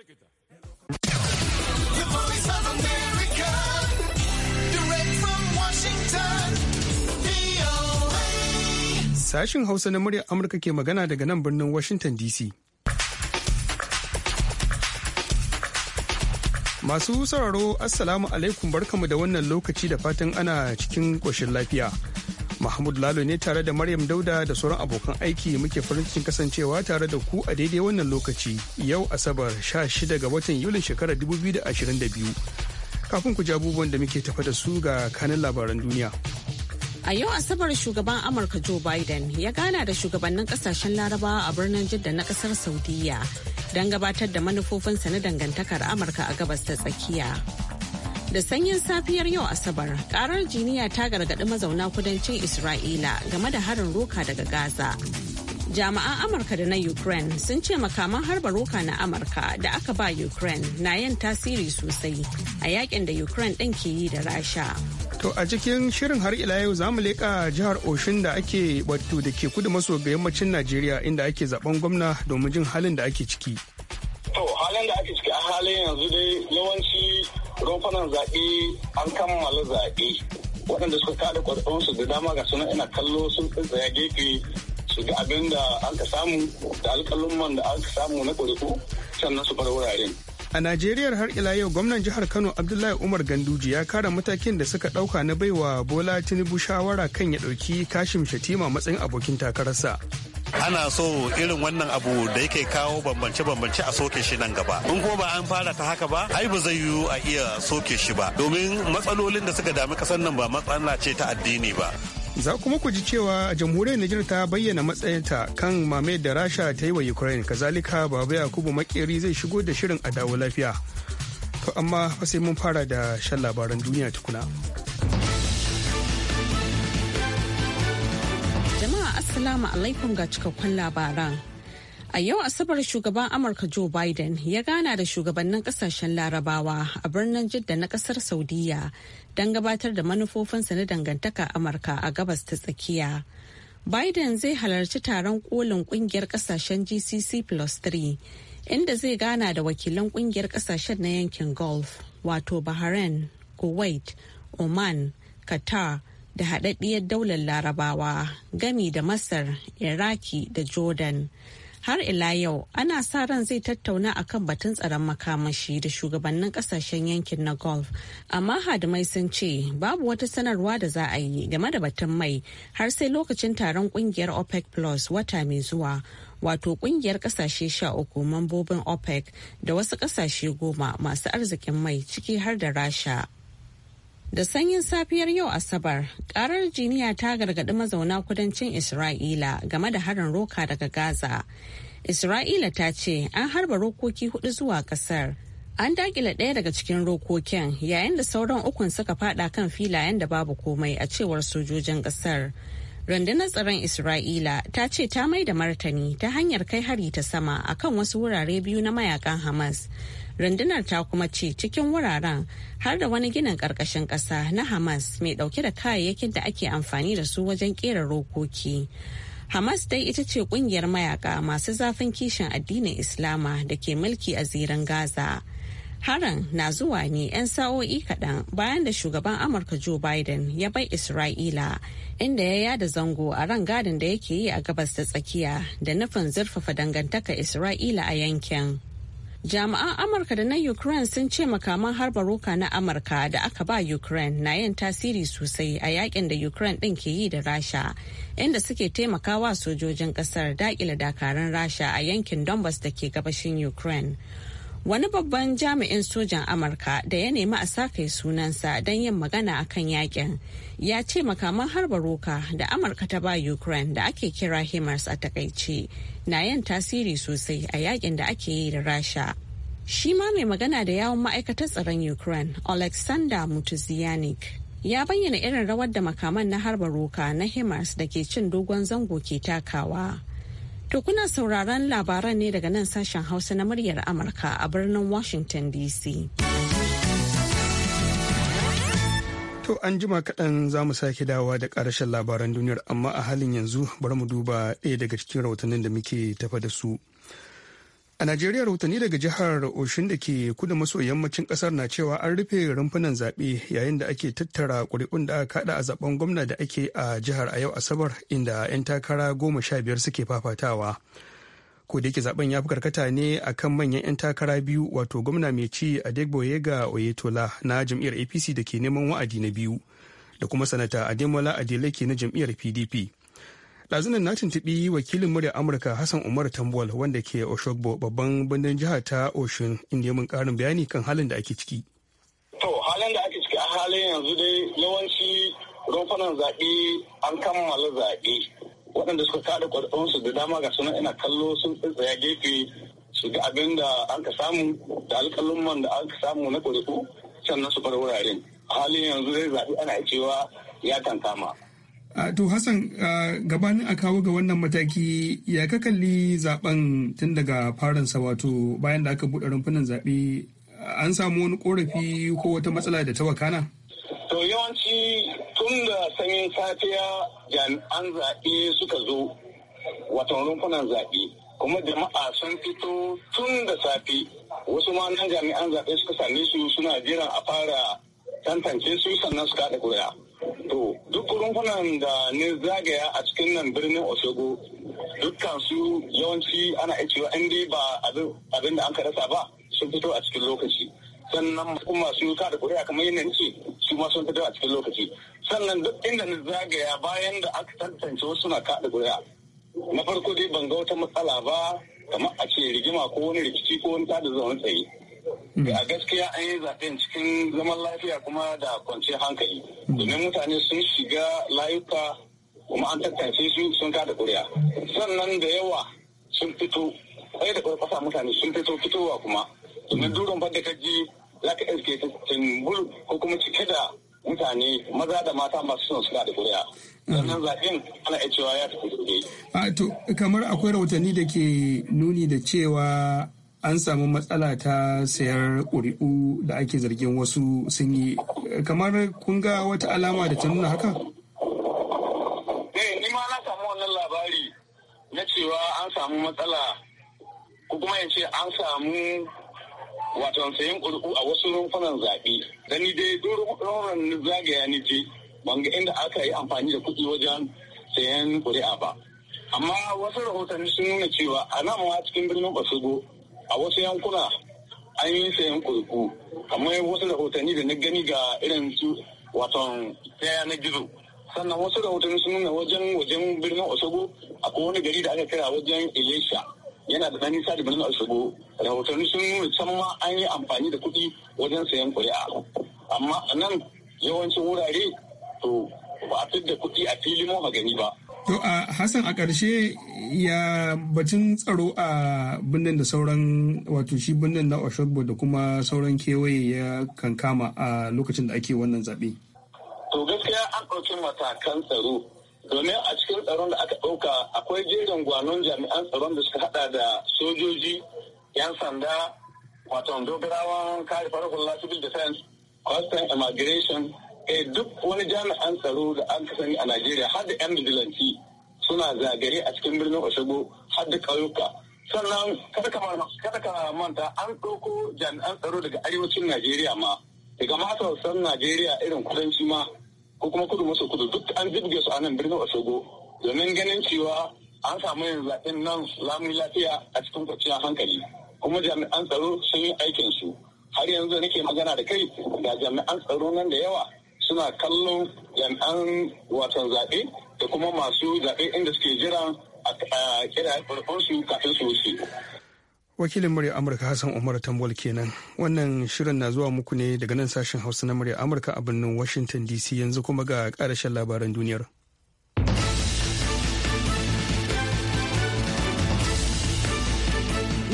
Sashin Hausa na muryar Amurka ke magana daga nan birnin Washington DC. Masu sauraro Assalamu alaikum barkamu da wannan lokaci da fatan ana cikin ƙoshin lafiya. Mahmud Lalo ne tare da Maryam Dauda da sauran abokan aiki muke farin cikin kasancewa tare da ku a daidai wannan lokaci yau Asabar 16 ga watan Yulin shekarar 2022. Kafin ku ji abubuwan da muke tafa da su ga kanin labaran duniya. A yau Asabar shugaban Amurka Joe Biden ya gana da shugabannin kasashen Larabawa a birnin Jidda na kasar Saudiya don gabatar da manufofinsa na dangantakar Amurka a gabas ta tsakiya. Da sanyin safiyar yau Asabar, karar jiniya ta gargaɗi mazauna kudancin Isra'ila game da harin roka daga Gaza. Jami'an Amurka da na Ukraine sun ce makaman harba roka na Amurka da aka ba Ukraine na yin tasiri sosai a yakin da Ukraine ɗin ke yi da Rasha. To a cikin shirin har ila yau za mu leƙa jihar Oshin da ake wato da ke kudu maso ga yammacin Najeriya inda ake zaben gwamna domin jin halin da ake ciki. To halin da ake ciki a halin yanzu dai yawanci rumfunan zaɓe an kammala zaɓe waɗanda suka kada ƙwarƙwarsu da dama ga suna ina kallo sun tsaya gefe su ga abin da aka samu da alƙalumman da aka samu na ƙuri'u sannan su bar wuraren. A Najeriya har ila yau gwamnan jihar Kano Abdullahi Umar Ganduji ya kara matakin da suka dauka na baiwa Bola Tinubu shawara kan ya dauki Kashim Shatima matsayin abokin takararsa. ana so irin wannan abu da yake kawo bambance-bambance a soke shi nan gaba in ko ba an fara ta haka ba ai ba zai yiwu a iya soke shi ba domin matsalolin da suka dami kasan nan ba matsala ce ta addini ba za kuma ku ji cewa jamhuriyar Nijar ta bayyana matsayinta kan mame da rasha ta yi wa ukraine kazalika babu yakubu makeri zai shigo da shirin a lafiya to amma sai mun fara da shan labaran duniya tukuna. Assalamu alaikum ga cikakkun labaran. A yau Asabar shugaban Amurka Joe Biden ya gana da shugabannin kasashen Larabawa a birnin Jidda na kasar Saudiya don gabatar da manufofinsa na dangantaka Amurka a gabas ta tsakiya. Biden zai halarci taron kolin kungiyar kasashen GCC plus 3 inda zai gana da wakilan kungiyar kasashen na yankin Gulf wato Bahrain, Kuwait, Oman, Qatar, da haɗaɗɗiyar daular larabawa gami da masar iraki da jordan har ila yau ana sa ran zai tattauna akan batun tsaron makamashi da shugabannin kasashen yankin na golf amma hadimai sun ce babu wata sanarwa da za a yi game da batun mai har sai lokacin taron kungiyar opec plus wata mai zuwa wato kungiyar kasashe sha uku mambobin opec da wasu kasashe goma masu arzikin mai ciki har da rasha Da sanyin safiyar yau Asabar, karar jiniya ta gargaɗi mazauna kudancin Isra'ila game da harin roka daga Gaza. Isra'ila ta ce an harba rokoki hudu zuwa kasar. An dakila ɗaya daga cikin rokokin yayin da sauran ukun suka fada kan filayen da babu komai a cewar sojojin kasar. Rundunar tsaron Isra'ila ta ce ta mai da martani ta hanyar kai hari ta sama akan wasu wurare biyu na mayakan Hamas. rundunar ta kuma ce cikin wuraren har da wani ginin ƙarƙashin ƙasa na hamas mai ɗauke da kayayyakin da ake amfani da su wajen ƙera rokoki hamas dai ita ce ƙungiyar mayaƙa masu zafin kishin addinin islama da ke mulki a ziran gaza haran na zuwa ne 'yan sa'o'i kaɗan bayan da shugaban amurka joe biden ya bai isra'ila inda ya yada zango a ran gadin da yake yi a gabas da tsakiya da nufin zurfafa dangantaka isra'ila a yankin Jami'an Amurka da na Ukraine sun ce makaman harba roka na Amurka da aka ba Ukraine na yin tasiri sosai a yakin da Ukraine ɗin ke yi da Rasha, inda suke taimakawa sojojin ƙasar daƙile dakarun Rasha a yankin Donbass da ke gabashin Ukraine. wani babban jami'in sojan amurka da ya nemi a sake sunansa don yin magana a kan yakin ya ce makaman harba roka da amurka ta ba ukraine da ake kira himars a takaice na yin tasiri sosai a yakin da ake yi da rasha shi ma mai magana da yawon ma'aikatar tsaron ukraine alexander mutuzianik ya bayyana irin rawar da makaman na harba roka na himars da ke cin dogon zango ke takawa To kuna sauraron labaran ne daga nan sashen Hausa na muryar Amurka a birnin Washington DC. To an jima kaɗan za mu sake dawa da ƙarashen labaran duniyar amma a halin yanzu bari mu duba ɗaya daga cikin rahotannin da muke tafa da su. A Najeriya rahotanni daga jihar Oshin da ke kudu maso yammacin kasar na cewa an rufe rumfunan zaɓe yayin da ake tattara ƙuri'un da aka kaɗa a zaben gwamna da ake a jihar a yau Asabar inda 'yan takara goma sha biyar suke fafatawa. Ko da yake zaben ya fi karkata ne a kan manyan 'yan takara biyu wato gwamna mai ci ga Oyetola na jam'iyyar APC da ke neman wa'adi na biyu da kuma sanata Ademola Adeleke na jam'iyyar PDP. ɗazunan na tuntuɓi wakilin murya amurka hassan umar tambol wanda ke oshogbo babban birnin jihar ta oshun inda ya mun ƙarin bayani kan halin da ake ciki to halin da ake ciki a halin yanzu dai yawanci rumfunan zaɓe an kammala zaɓe waɗanda suka kaɗa ƙwarƙwarsu da dama ga suna ina kallo sun tsaya gefe su ga abin da an ka samu da man da an ka samu na ƙwarƙu sannan su bar wuraren halin yanzu dai zaɓe ana cewa ya kankama. to hassan gabanin a kawo ga wannan mataki ya ka kalli zaben tun daga faransa wato bayan da aka buɗe rumfunan zaɓe an samu wani korafi ko wata matsala da ta wakana? To yawanci tun da sanyin safiya jami'an zaɓe suka zo watan rumfunan zaɓe kuma jama'a sun fito tun da safe wasu ma nan jami'an zaɓe suka same su suna jiran a fara tantance su sannan su kaɗa To duk rumfunan da ne zagaya a cikin nan birnin Osogbo dukkan su yawanci ana iya cewa in ba abin da an ka rasa ba sun fito a cikin lokaci. Sannan kuma masu kada kuri'a kamar yin nanci su ma sun fito a cikin lokaci. Sannan duk inda ni zagaya bayan da aka tantance wasu na kada kuri'a. Na farko dai ban ga wata matsala ba kamar a ce rigima ko wani rikici ko wani tada zaune tsaye. Mm. a gaskiya an yi zaɓen cikin zaman lafiya kuma da kwanciyar hankali mm. domin mutane sun shiga layuka kuma an tattance su sun kada ƙuri'a sannan da yawa sun fito ɗaya da ƙasa mutane sun fito fitowa kuma domin duron fadda ka ji za ka iske tumbul ko kuma cike da mutane maza da mata masu son su kada ƙuri'a mm. sannan zaɓen ana iya cewa ya tafi kamar akwai rahotanni da ke nuni da cewa an samu matsala ta sayar ƙuri'u da ake zargin wasu sun yi kamar kun ga wata alama da ta nuna haka? Eh, ni ma na samu wannan labari na cewa an samu matsala ko kuma ya ce an samu wato sayan ƙuri'u a wasu rumfunan zaɓe da ni dai rumfunan zagaya ni je ban ga inda aka yi amfani da kuɗi wajen sayan ƙuri'a ba amma wasu rahotanni sun nuna cewa a nan ma cikin birnin basugo a wasu yankuna an yi sayan kurku kamar wasu rahotanni da na gani ga irin su waton na gizo sannan wasu rahotanni sun nuna wajen wajen birnin osogo akwai wani gari da aka kira wajen elisha yana da ɗan nisa da birnin osogo rahotanni sun nuna can ma an yi amfani da kuɗi wajen sayan kuri'a amma nan yawancin wurare to ba a fidda kuɗi a fili mun gani ba To a Hassan a ƙarshe ya batun tsaro a birnin da sauran wato shi birnin na Oshogbo da kuma sauran kewaye ya kan kama a lokacin da ake wannan zaɓe. To gaskiya an ɗauki matakan tsaro domin a cikin tsaron da aka ɗauka akwai jerin gwanon jami'an tsaron da suka haɗa da sojoji, 'yan sanda, wato dogarawan kare farar hula civil defense, immigration, Eh, duk wani jami'an tsaro da an sani a Najeriya har da 'yan mijilanci suna zagaye a cikin birnin Osogbo har da ƙauyuka. Sannan kada ka manta an ɗauko jami'an tsaro daga arewacin Najeriya ma daga masarautar Najeriya irin kudanci ma ko kuma kudu maso kudu duk an jibge su a nan birnin Osogbo domin ganin cewa an samu yin zaɓen nan lamun lafiya a cikin kwanciyar hankali kuma jami'an tsaro sun yi aikin su har yanzu nake magana da kai ga jami'an tsaro nan da yawa suna kallon yan'an watan zaɓe da kuma masu zaɓe inda suke jira a kira farfansu kafin su wuce. Wakilin murya Amurka Hassan Umar Tambol kenan. Wannan shirin na zuwa muku ne daga nan sashen Hausa na murya Amurka a birnin Washington DC yanzu kuma ga karashen labaran duniyar.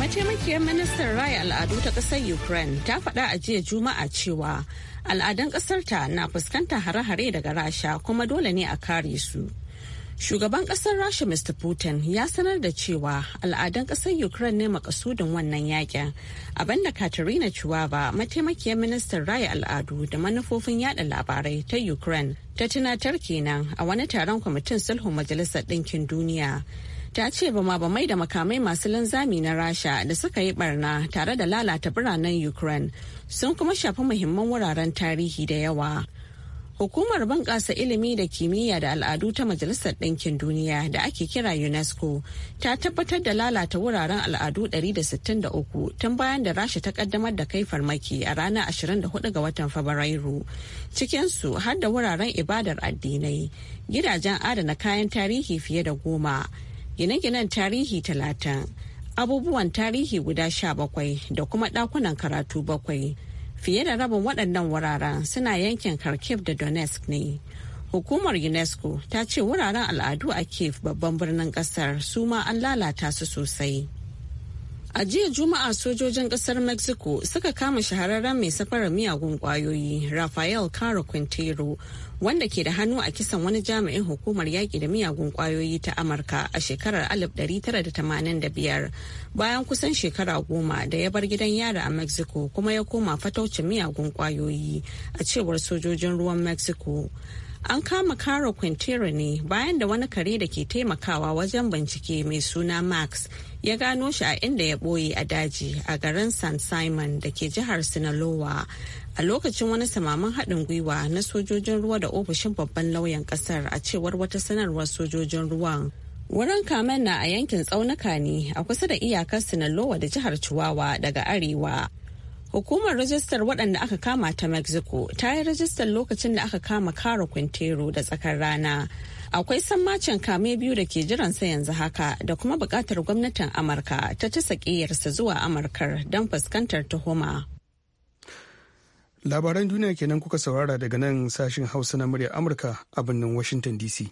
mataimakiyar ministan raya al'adu ta kasar ukraine ta faɗa a jiya juma'a cewa al'adun ƙasarta na fuskantar hare-hare daga rasha kuma dole ne a kare su shugaban ƙasar rasha mr putin ya sanar da cewa al'adun ƙasar ukraine ne makasudin wannan yakin abinda katarina chuwaba mataimakiyar ministan raya al'adu da manufofin yada labarai ta ukraine ta tunatar kenan a wani taron kwamitin sulhun majalisar ɗinkin duniya ta ce ba ma ba mai da makamai masu linzami na rasha da suka yi barna tare da lalata biranen ukraine sun kuma shafi muhimman wuraren tarihi da yawa hukumar bunƙasa ilimi da kimiyya da al'adu ta majalisar ɗinkin duniya da ake kira unesco ta tabbatar da lalata wuraren al'adu 163 tun bayan da rasha ta kaddamar da kai farmaki a ranar 24 ga watan fabrairu cikinsu har da wuraren ibadar addinai gidajen adana kayan tarihi fiye da goma gine-ginen tarihi talatin abubuwan tarihi guda sha bakwai da kuma ɗakunan karatu bakwai fiye da rabin waɗannan wuraren suna yankin kharkiv da donetsk ne hukumar unesco ta ce wuraren al'adu a kiev babban birnin ƙasar su ma an lalata su sosai A jiya Juma'a sojojin kasar Mexico suka kama shahararren mai safarar miyagun kwayoyi Rafael Caro Quintero wanda ke da hannu a kisan wani jami'in hukumar yaƙi da miyagun kwayoyi ta Amurka a shekarar 1985 bayan kusan shekara goma da ya bar gidan yara a Mexico kuma ya koma fataucin miyagun kwayoyi a cewar sojojin ruwan Mexico. an kama Caro Quintero ne bayan da wani kare da ke taimakawa wajen bincike mai suna Max ya gano shi a inda ya ɓoye a daji a garin San Simon da ke jihar Sinaloa a lokacin wani samamin haɗin gwiwa na sojojin ruwa da ofishin babban lauyan ƙasar a cewar wata sanarwar sojojin ruwan. Wurin kamen na a yankin tsaunuka ne a kusa da iyakar Sinaloa da jihar Chihuahua daga arewa. Hukumar rajistar waɗanda aka kama ta Mexico ta yi rajistar lokacin da aka kama Karo Quintero da tsakar rana. akwai sammacin kame biyu da ke jiran sa yanzu haka da kuma buƙatar gwamnatin amurka ta ci sakiyarsa zuwa amurkar don fuskantar tuhuma labaran duniya kenan kuka saurara daga nan sashin hausa na muryar amurka a birnin washington dc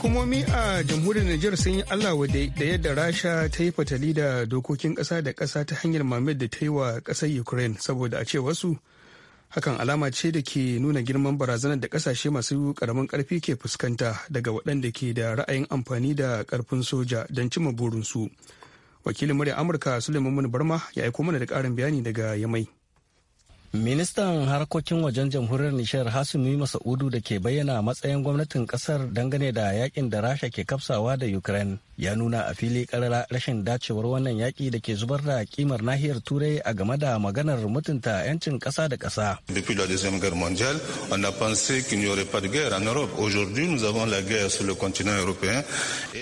hukumomi a jamhuriyar Nijar sun yi Allah wadai da yadda Rasha ta yi fatali da dokokin ƙasa da ƙasa ta hanyar mamid da ta yi wa ƙasar Ukraine saboda a ce wasu hakan alama ce da ke nuna girman barazanar da ƙasashe masu ƙaramin ƙarfi ke fuskanta daga waɗanda ke da ra'ayin amfani da ƙarfin soja don cimma burinsu. Wakilin murya Amurka Suleiman Barma ya aiko mana da ƙarin bayani daga Yamai. Ministan harkokin wajen jamhuriyar Nishar Hasumi Masa'udu da ke bayyana matsayin gwamnatin kasar dangane da yakin da Rasha ke kafsawa da Ukraine ya nuna a fili karara rashin dacewar wannan yaki da ke zubar da kimar nahiyar Turai a game da maganar mutunta 'yancin ƙasa da kasa. Depuis la deuxième guerre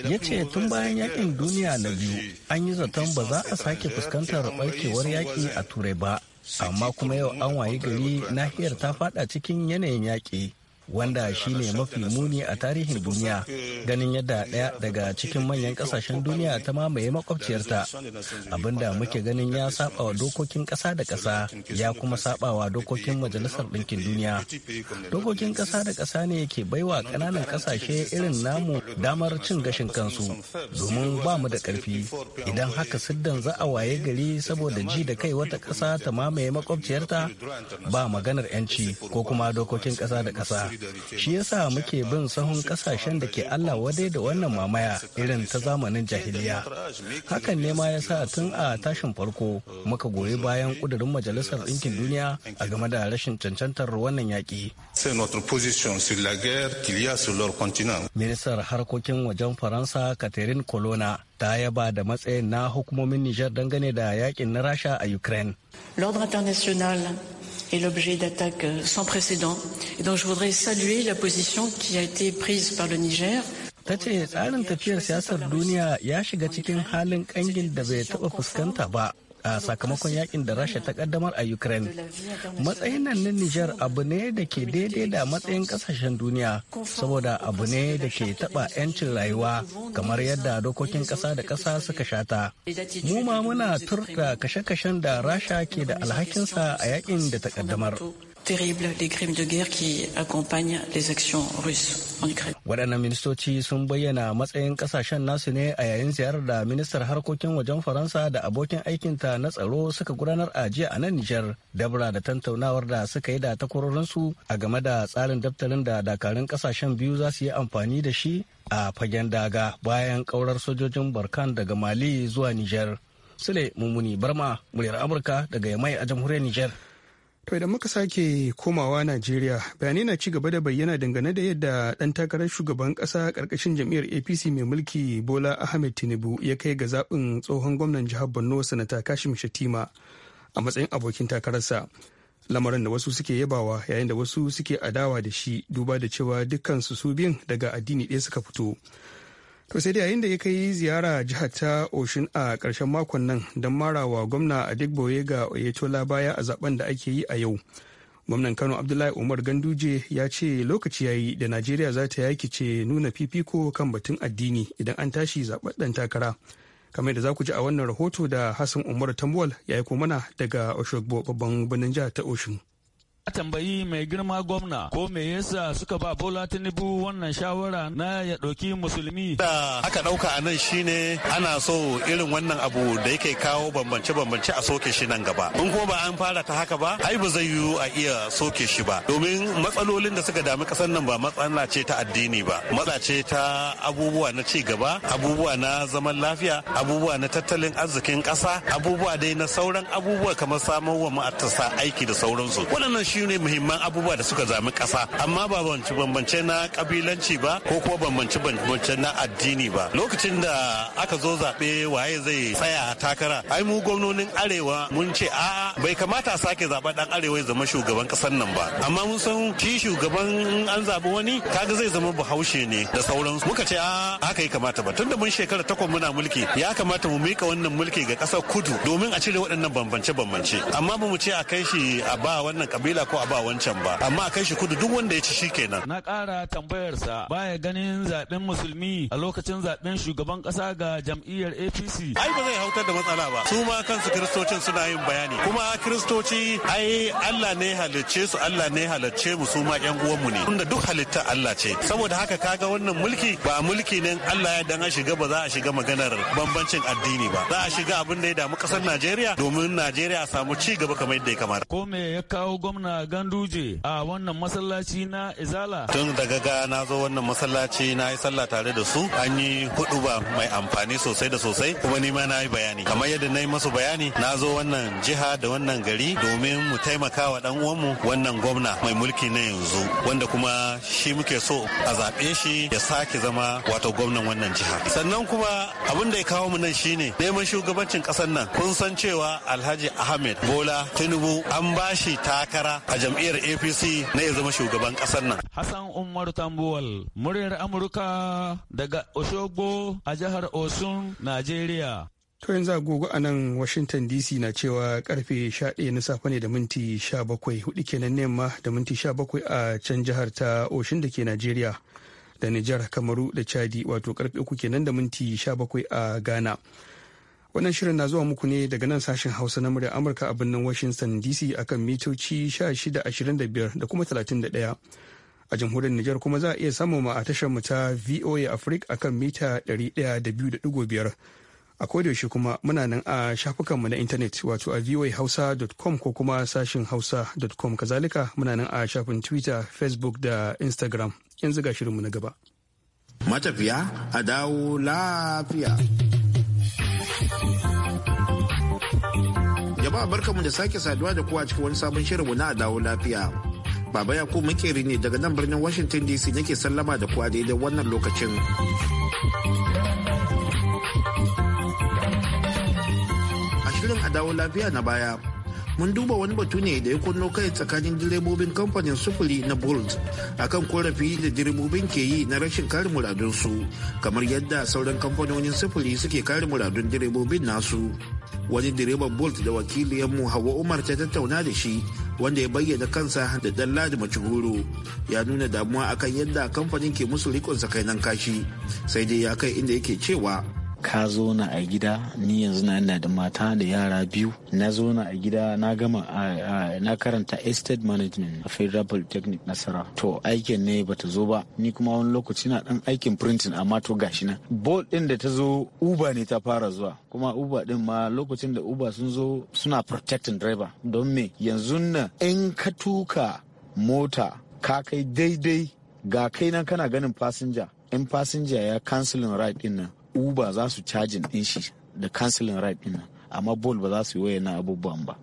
Ya ce tun bayan yakin duniya na biyu an yi zaton ba za a sake fuskantar barkewar yaki a Turai ba. amma kuma yau an wayi gari nahiyar ta fada cikin yanayin yaƙi wanda shi ne mafi muni a tarihin duniya ganin yadda ɗaya daga cikin manyan ƙasashen duniya ta mamaye makwabciyarta abinda muke ganin ya saba wa dokokin ƙasa da ƙasa ya kuma saba wa dokokin majalisar ɗinkin duniya dokokin ƙasa da ƙasa ne ke baiwa ƙananan ƙasashe irin namu damar cin gashin kansu domin ba mu da ƙarfi idan haka siddan za a waye gari saboda ji da kai wata ƙasa ta mamaye makwabciyarta ba maganar 'yanci ko kuma dokokin ƙasa da ƙasa Shi yasa muke bin sahun kasashen da ke Allah wadai da wannan mamaya irin ta zamanin jahiliya. Hakan ne ma yasa tun a tashin farko muka goyi bayan kudurin Majalisar Ɗinkin Duniya a game da rashin cancantar wannan yaƙi. Ministar harkokin wajen Faransa Catherine Colonna ta yaba da matsayin na hukumomin Nijar dangane da yakin na Rasha a Ukraine. L'ordre international est l'objet d'attaques euh, sans précédent. Et donc je voudrais saluer la position qui a été prise par le Niger a sakamakon yakin da rasha ta kaddamar a ukraine matsayin nan na niger abu ne da ke daidai da matsayin kasashen duniya saboda abu ne da ke taba 'yancin rayuwa kamar yadda dokokin kasa da kasa suka shata mu ma muna turka kashe-kashen da rasha ke da alhakinsa a yakin da ta kaddamar terribles, des crimes de guerre qui accompagnent les actions russes en Ukraine. Waɗannan ministoci sun bayyana matsayin ƙasashen nasu ne a yayin ziyarar da ministar harkokin wajen Faransa da abokin aikinta na tsaro suka gudanar a jiya a nan Nijar, dabra da tantaunawar da suka yi da takwarorinsu a game da tsarin daftarin da dakarun ƙasashen biyu za su yi amfani da shi a fagen daga bayan ƙaurar sojojin Barkan daga Mali zuwa Nijar. Sule Mummuni Barma, muryar Amurka daga Yamai a jamhuriyar Nijar. To idan muka sake komawa Najeriya, bayanai na ci gaba da bayyana dangane da yadda ɗan takarar shugaban ƙasa karkashin jam'iyyar APC mai mulki Bola Ahmed Tinubu ya kai ga zaɓin tsohon gwamnan jihar Borno Sanata Kashim Shatima a matsayin abokin takararsa. Lamarin da wasu suke yabawa yayin da wasu suke adawa da shi duba da cewa dukkansu su biyun daga addini ɗaya suka fito. to sai dai yayin da ya kai ziyara jihar ta oshin a ƙarshen makon nan don marawa gwamna a digboye ga oyetola baya a zaben da ake yi a yau gwamnan kano abdullahi umar ganduje ya ce lokaci ya da najeriya za ta yaki ce nuna fifiko kan batun addini idan an tashi zaɓaɗɗen takara kamar da za ku ji a wannan rahoto da hassan umar tambuwal ya aiko mana daga oshogbo babban birnin jihar ta oshin a tambayi mai girma gwamna ko me yasa suka ba Bola Tinubu wannan shawara na ya ɗauki musulmi. Da aka ɗauka a nan shine ana so irin wannan abu da yake kawo bambance-bambance a soke shi nan gaba. In ko ba an fara ta haka ba, ai ba zai yiwu a iya soke shi ba. Domin matsalolin da suka dami kasan nan ba matsala ce ta addini ba, matsala ce ta abubuwa na ci gaba, abubuwa na zaman lafiya, abubuwa na tattalin arzikin ƙasa, abubuwa dai na sauran abubuwa kamar samun wa ma'atasa aiki da sauransu. Waɗannan shi ne muhimman abubuwa da suka zami kasa amma ba bambance bambance na kabilanci ba ko kuma bambance bambance na addini ba lokacin da aka zo zaɓe waye zai tsaya takara ai mu gwamnonin arewa mun ce a bai kamata sake zaɓa dan arewa ya zama shugaban ƙasar nan ba amma mun san shi shugaban an zaɓi wani kaga zai zama bahaushe ne da sauransu muka ce a haka ya kamata ba tunda mun shekara takwas muna mulki ya kamata mu mika wannan mulki ga ƙasar kudu domin a cire waɗannan bambance bambance amma ba mu ce a kai shi a ba wannan kabila ko a ba wancan ba amma a kai shi kudu duk wanda ya ci shi kenan na ƙara tambayarsa baya ganin zaben musulmi a lokacin zaben shugaban ƙasa ga jam'iyyar APC ai ba zai hautar da matsala ba su ma kansu kiristocin suna yin bayani kuma kiristoci ai Allah ne halicce su Allah ne halicce mu su ma ƴan uwanmu ne tunda duk halitta Allah ce saboda haka kaga wannan mulki ba mulki ne Allah ya dan shiga ba za a shiga maganar bambancin addini ba za a shiga abin da ya damu kasar Najeriya domin Najeriya samu ci gaba kamar yadda ya kamata ko me ya kawo gwamna haruna ganduje a wannan masallaci na izala tun daga ga na zo wannan masallaci na yi sallah tare da su an yi hudu ba mai amfani sosai da sosai kuma ni ma na yi bayani kamar yadda na yi masu bayani na zo wannan jiha da wannan gari domin mu taimaka wa dan uwanmu wannan gwamna mai mulki na yanzu wanda kuma shi muke so a zaɓe shi ya sake zama wato gwamnan wannan jiha sannan kuma abin da ya kawo mu nan shine neman shugabancin ƙasar nan kun san cewa alhaji ahmed bola tinubu an bashi takara a jam'iyyar apc na ya zama shugaban ƙasar nan hassan umar tambuwal muryar amurka daga oshogbo a jihar osun najeriya to yanzu agogo a nan washington dc na cewa karfe 11 na safe ne da minti 17 hudu kenan nema da minti 17 a can jihar ta oshin da ke najeriya da nijar kamaru da chadi wato karfe uku kenan da minti 17 a ghana Wannan shirin na zuwa muku ne daga nan sashen Hausa na muryar Amurka a birnin Washington DC akan mitoci 1625 da kuma 31. A jamhuriyar niger kuma za a iya samun ma a tashar mu ta VOA Africa akan mita 102.5. A kodayaushe kuma muna nan a shafukanmu na intanet wato a voahausa.com ko kuma sashin hausa.com kazalika muna nan a shafin Twitter, Facebook da Instagram. Yanzu ga shirinmu na gaba. Matafiya a dawo lafiya. Jama'a barkamu da sake saduwa da kowa cikin wani sabon shirin shirinmu na dawo lafiya. Baba ya ku makeri ne daga nan birnin Washington DC nake sallama da kowa daidai wannan lokacin. A shirin a dawo lafiya na baya. mun duba wani batu ne da ya kunno kai tsakanin direbobin kamfanin sufuri na bolt akan korafi da direbobin ke yi na rashin kare muradunsu kamar yadda sauran kamfanonin sufuri suke kare muradun direbobin nasu wani direban bolt da wakiliyanmu hawa umar ta tattauna da shi wanda ya bayyana kansa da dan ladi macihuro ya nuna damuwa akan yadda kamfanin ke musu rikon sakainan kashi sai dai ya kai inda yake cewa ka zo na a gida ni yanzu na ina da mata da yara biyu na zo na a gida na gama na karanta estate management a federal polytechnic nasara to aikin ne bata zo ba ni kuma wani lokaci na dan aikin printing amma to gashi na bol din da ta zo uber ne ta fara zuwa kuma uba din ma lokacin da uba sun zo suna protecting driver don me yanzu nan in ka tuka mota ka kai daidai ga kai nan kana ganin fasinja in fasinja ya kansilin ride din nan uber za su cajin din shi da cancelin right din amma bol ba za su yi wayannan abubuwan ba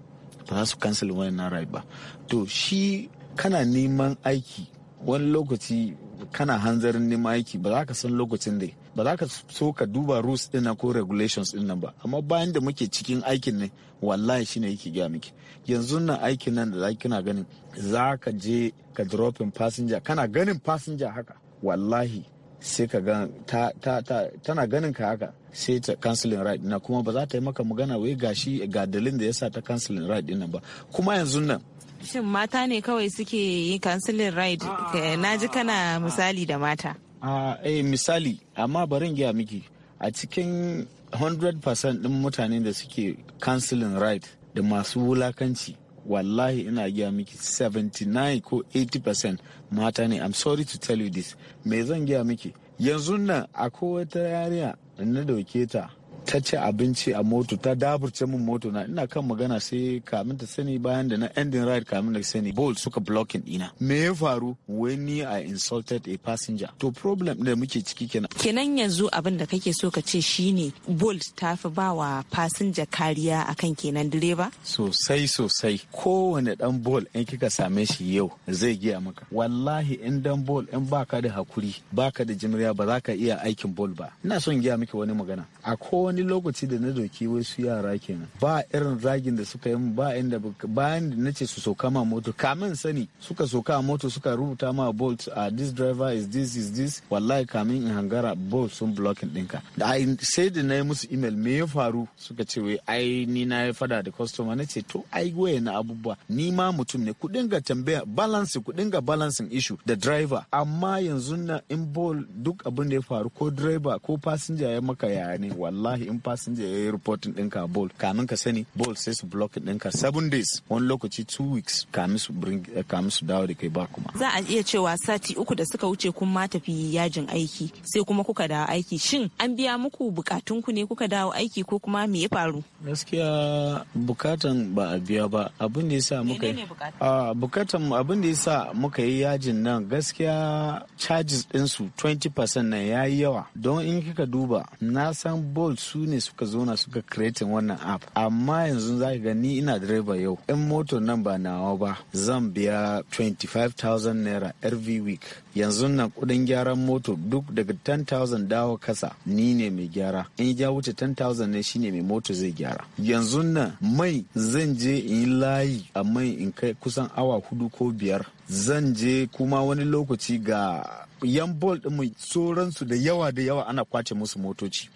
ba za su cancelin wayannan right ba to shi kana neman aiki wani lokaci kana hanzarin neman aiki ba za ka san lokacin da ba za ka so ka duba rules ɗin ko regulations din nan ba amma bayan da muke cikin aikin ne wallahi shine yake gaya miki yanzu nan aikin nan da kina ganin za ka je ka dropping passenger kana ganin passenger haka wallahi sai ka ga tana ganin ka haka sai ta canceling right na kuma ba za ta yi maka magana wai gashi ga dalilin da ya sa ta canceling right din ba kuma yanzu nan shin mata ne kawai suke yi canceling right eh, na ji kana misali da mata a eh misali amma barin giya miki a cikin 100% din mutanen da suke canceling right da masu wulakanci wallahi ina gaya miki 79 ko 80% mata ne i'm sorry to tell you this me zan gaya miki yanzu nan akwai wata yariya na dauke ta ta ci abinci a moto ta daburce min moto na ina kan magana sai kamin ta sani bayan da na ending ride kamin da sani bolt suka blocking dina me ya faru wani i insulted a passenger to problem da muke ciki kenan kenan yanzu abin da kake so ka ce shine bolt ta fi ba wa fasinja kariya akan kenan direba sosai sosai kowane dan bolt in kika same shi yau zai giya maka wallahi in dan bolt in baka da hakuri baka da jimriya ba za ka iya aikin bolt ba ina son giya miki wani magana a kowani lokaci da na doki wasu yara kenan ba irin zagin da suka yi ba inda bayan da na ce su soka ma moto kamin sani suka soka a moto suka rubuta ma bolt a ah, this driver is this is this wallahi kamin in hangara bolt sun blocking ɗinka da sai da na yi musu email me ya faru suka ce wai ai ni na yi fada da customer na ce to ai waye na abubuwa ni ma mutum ne ku dinga tambaya balance ku dinga balancing issue da driver amma yanzu na in bolt duk abin da ya faru ko driver ko passenger ya maka yaya ne wallahi in fasinja ya yi reporting ɗinka a bol kamin ka sani bol sai su block ɗinka seven days wani lokaci two weeks kamin su bring eh, kamin su dawo da kai ba kuma. Za a iya cewa sati uku da suka wuce kun ma tafi yajin aiki sai kuma kuka dawo aiki shin an biya muku bukatun ku ne kuka dawo aiki ko kuma me ya faru? Gaskiya bukatan ba a biya ba abin da ya sa muka yi. Ah, bukatan abin da ya muka yi yajin nan gaskiya charges ɗinsu 20% na ya yi yawa don in kika duba na san bolt su ne suka zona suka kiretin wannan app amma yanzu za ga ni ina direba yau in motar nan ba nawa ba zan biya 25,000 naira every week yanzu nan kudin gyaran moto duk daga 10,000 dawo kasa ni ne mai gyara in ya wuce 10,000 ne shine mai moto zai gyara yanzu nan mai zan je in yi layi a mai in kai kusan awa hudu ko biyar zan je kuma wani lokaci ga yan bol ɗinmu sauransu da yawa da yawa ana kwace musu motoci.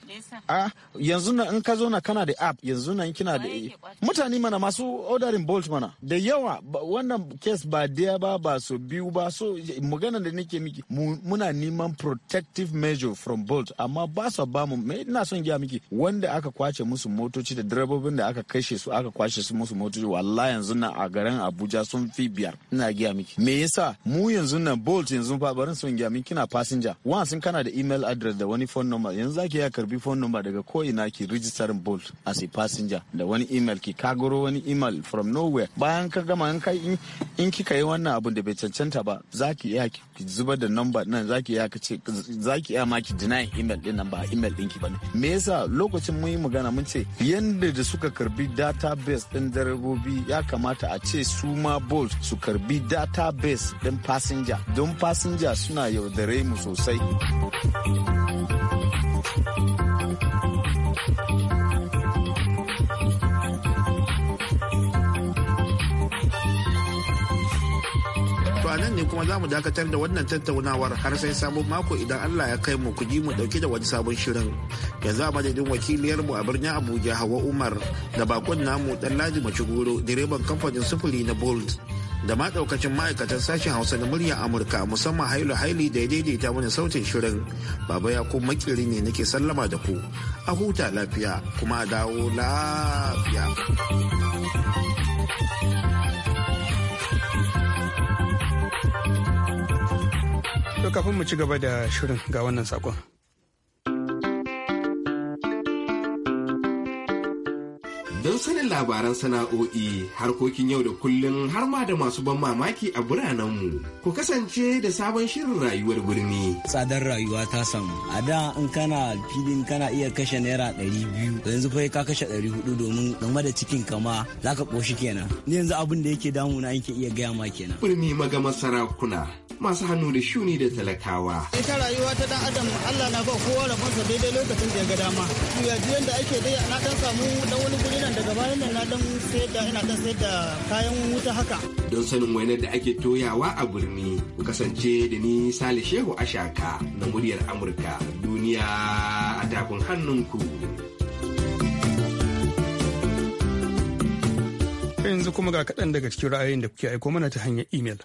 A yanzu na in ka zo na kana da app yanzu na kina da eh, mutane mana masu ordering bolt mana da yawa wannan case ba daya ba ba so biyu ba so magana da nake miki muna neman protective measure from bolt amma ba su ba mu me ina son giya miki wanda aka kwace musu motoci da direbobin da aka kashe su aka kwace su musu motoci wallahi yanzu na a garin Abuja sun fi biyar ina giya miki me yasa mu yanzu na bolt yanzu fa barin son gya min kina fasinja once sun kana da email address da wani phone number yanzu zaki ya karbi phone number daga ko ina ki register bolt as a passenger da wani email ki kagoro wani email from nowhere bayan ka gama in kai in kika yi wannan abun da bai cancanta ba zaki iya ki zubar da number nan zaki iya kace zaki iya ma ki deny email din nan ba email din ki ne. me yasa lokacin mun yi magana mun ce yanda da suka karbi database din direbobi ya kamata a ce su ma bolt su karbi database din passenger don passenger suna yau yaudare mu sosai nan ne kuma za mu dakatar da wannan tattaunawar har sai sabon mako idan Allah ya kai mu ji mu dauke da wani sabon shirin. Yanzu a madadin wakiliyar mu a birnin Abuja Hawa Umar da bakon namu dan Laji Macigoro direban kamfanin sufuri na Bolt da ma daukacin ma'aikatan sashen hausa na murya amurka musamman hailu haili da ya daidaita mana sautin shirin baba ya ku makiri ne nake sallama da ku a huta lafiya kuma a dawo lafiya kafin mu ci gaba da shirin ga wannan sakon don sanin labaran sana'o'i harkokin yau da kullun har ma da masu ban mamaki a biranenmu. Ku kasance da sabon shirin rayuwar birni. Tsadar rayuwa ta samu. A da in kana filin kana iya kashe naira ɗari biyu yanzu fa ka kashe ɗari hudu domin game da cikin kama za ka ƙoshi kenan. Ni yanzu abin da yake damuna yake iya gaya ma kenan. Birni magama sarakuna. masu hannu da shuni da talakawa. Ita rayuwa ta dan adam Allah na ba kowa rabonsa daidai lokacin da ya ga dama. Yanzu da ake dai na dan samu dan wani guri nan da daga bayan nan na dan da ina dan sayar da kayan wuta haka don sanin wainar da ake toyawa a birni ku kasance da ni Sale Shehu Ashaka na muryar Amurka duniya a takun hannunku yanzu kuma ga kaɗan daga cikin ra'ayin da kuke aiko mana ta hanyar imel.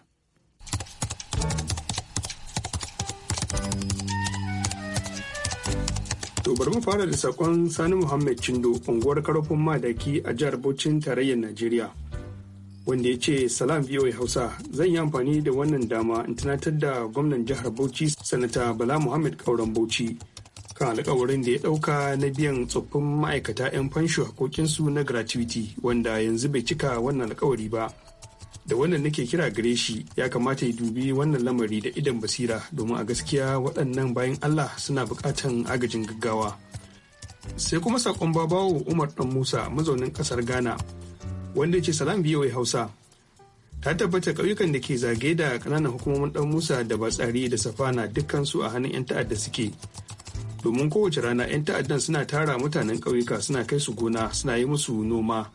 To bari mu fara da sakon Sani Muhammad Chindo unguwar karofin madaki a jihar Bauchin tarayyar Najeriya. Wanda ya ce salam VOA Hausa zan yi amfani da wannan dama in tunatar da gwamnan jihar Bauchi sanata Bala Muhammad Kauran Bauchi kan alkawarin da ya ɗauka na biyan tsoffin ma'aikata 'yan fansho hakokinsu na gratuity wanda yanzu bai cika wannan alkawari ba. da wannan nake kira gare shi ya kamata ya dubi wannan lamari da idan basira domin a gaskiya waɗannan bayan allah suna buƙatan agajin gaggawa sai kuma sakon babawo umar dan musa mazaunin ƙasar ghana wanda ce salam ya hausa ta tabbata ƙauyukan da ke zage da ƙananan hukumomin dan musa da batsari da safana dukkansu a hannun 'yan ta'adda suke domin kowace rana 'yan ta'addan suna tara mutanen ƙauyuka suna kai su gona suna yi musu noma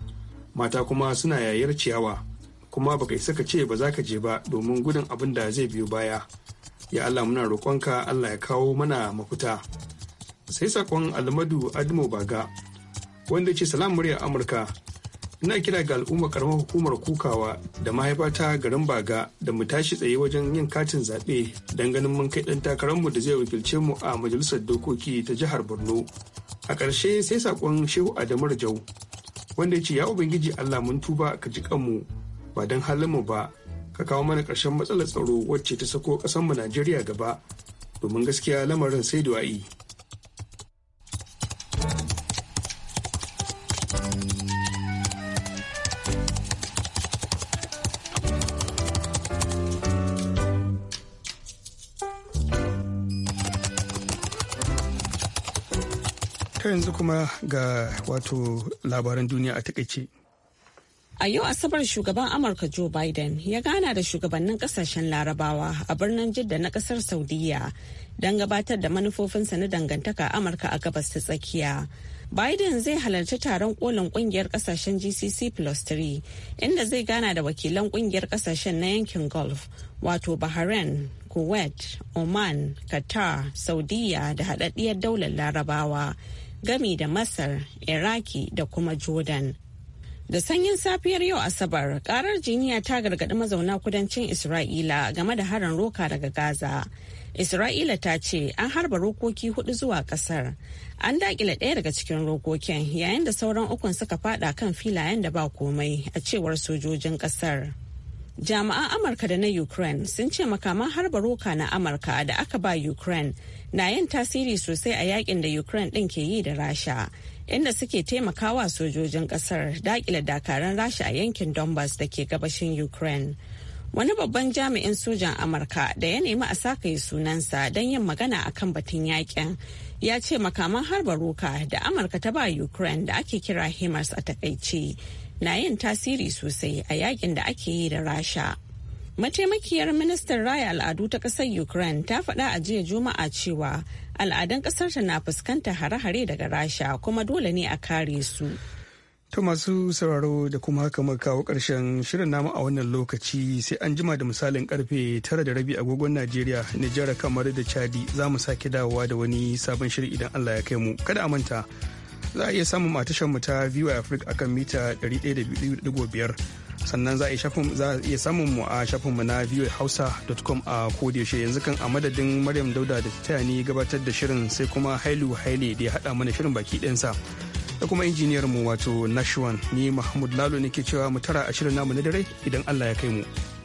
mata kuma suna yayar ciyawa kuma baka isa ka ce ba za ka je ba domin gudun abin da zai biyo baya ya Allah muna roƙonka Allah ya kawo mana mafita sai sakon almadu admo baga wanda ce salam murya, amurka ina kira ga al'umma karamar hukumar kukawa da mahaifata garin baga da mu tashi tsaye wajen yin katin zaɓe don ganin mun kai ɗan takararmu da zai wakilce mu a majalisar dokoki ta jihar borno a ƙarshe sai saƙon shehu adamu rajau wanda ya ce ya ubangiji allah mun tuba ka ji kanmu ba don mu ba ka kawo mana ƙarshen matsalar tsaro wacce ta sako ƙasanmu najeriya gaba domin gaskiya lamarin sai du'a'i ta yanzu kuma ga wato labaran duniya a takaice. A yau Asabar shugaban Amurka Joe Biden ya gana da shugabannin kasashen larabawa a birnin Jidda na kasar Saudiya don gabatar da manufofinsa na dangantaka Amurka a gabas ta tsakiya. Biden zai halarci taron kolin kungiyar kasashen GCC plus 3 inda zai gana da wakilan kungiyar kasashen na yankin golf wato Bahrain, Kuwait, Oman, Qatar, Saudiya da haɗaɗɗiyar daular larabawa gami da Masar, Iraki da kuma Jordan. Da sanyin safiyar yau Asabar, karar jiniya ta gargaɗi mazauna kudancin Isra'ila game da harin roka daga Gaza. Isra'ila ta ce an harba rokoki hudu zuwa kasar. An dakile ɗaya daga cikin rokokin yayin da sauran ukun suka fada kan filayen da ba komai a cewar sojojin kasar. Jami'an Amurka da na Ukraine sun ce makaman harba roka na Amurka da aka ba Ukraine na yin tasiri sosai a yakin da Ukraine ɗin ke yi da Rasha. inda suke taimakawa sojojin kasar dakile dakaran rasha a yankin donbass da ke gabashin ukraine wani babban jami'in sojan amurka da ya nemi a saka yi sunansa don yin magana a kan batun yakin ya ce makaman harba roka da amurka ta ba ukraine da ake kira himars a takaice na yin tasiri sosai a yakin da ake yi da rasha mataimakiyar ministan raya al'adu ta ƙasar ukraine ta faɗa a jiya juma'a cewa al'adan ƙasarta na fuskantar hare-hare daga rasha kuma dole ne a kare su ta masu sauraro da kuma haka muka kawo karshen shirin namu a wannan lokaci sai an jima da misalin karfe tara da rabi agogon Najeriya, Nijar kamar da Chadi za mu sake dawowa da wani sabon shiri idan Allah ya kai mu. Kada a manta za a iya samun matashan mu ta VOA Africa akan mita biyar. sannan za a iya samun mu a shafin mu na voahausa.com a yaushe yanzu kan a madadin maryam dauda da ta ni gabatar da shirin sai kuma hailu haile da ya haɗa mana shirin baki ɗinsa da kuma injiniyar mu wato nashwan ni mahmud lalo ke cewa mu tara a shirin namu na dare idan allah ya kai mu.